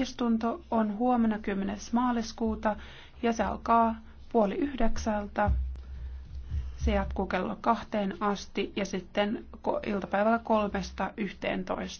istunto on huomenna 10. maaliskuuta ja se alkaa puoli yhdeksältä. Se jatkuu kello kahteen asti ja sitten iltapäivällä kolmesta yhteentoista.